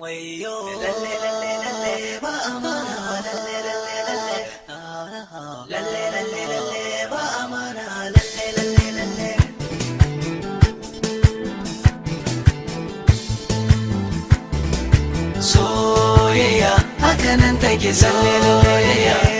wayo lalle lalle lalle ba amana lalle lalle lalle lalle lalle lalle ba amana lalle lalle lalle soyayya hakanan take lalle lalle lalle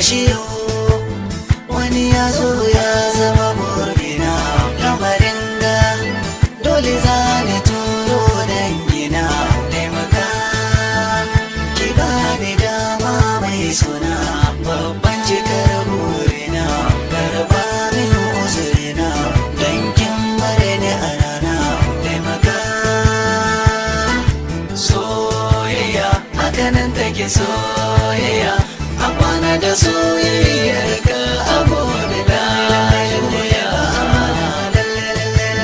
shi yau wani ya zo ya zama burgina lamarin ga dole za ni turo dangina taimaka ki ba ni dama mai suna babban cikar burina garba min uzurina Dankin kin bare ni a rana taimaka soyayya hakanan take soyayya mana da soyayyarka a gobe na juya amana lalle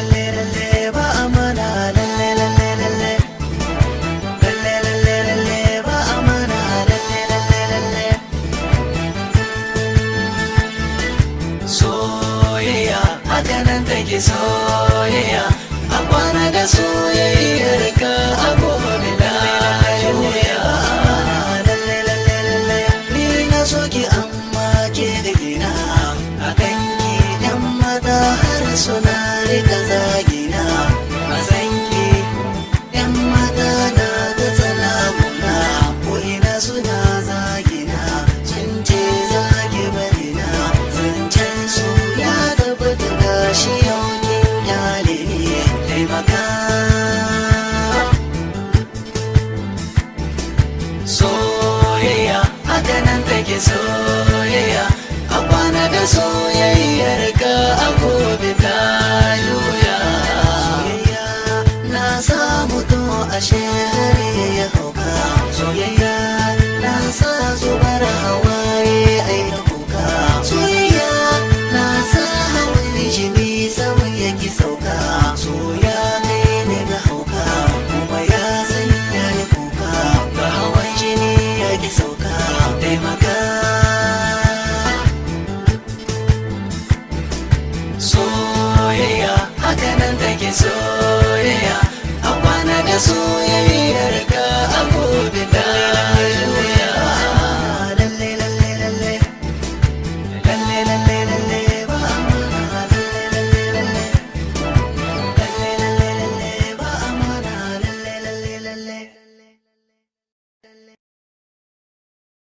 lalle ki soyayya a kwana da soyayyar ka abu yi soyayya a kwana da soyayyar ka a gobe ta yoya na sa to a har ya hauka soyayya na sa zubar hawaye aiki ki soyayya a kwana da soyayyar ka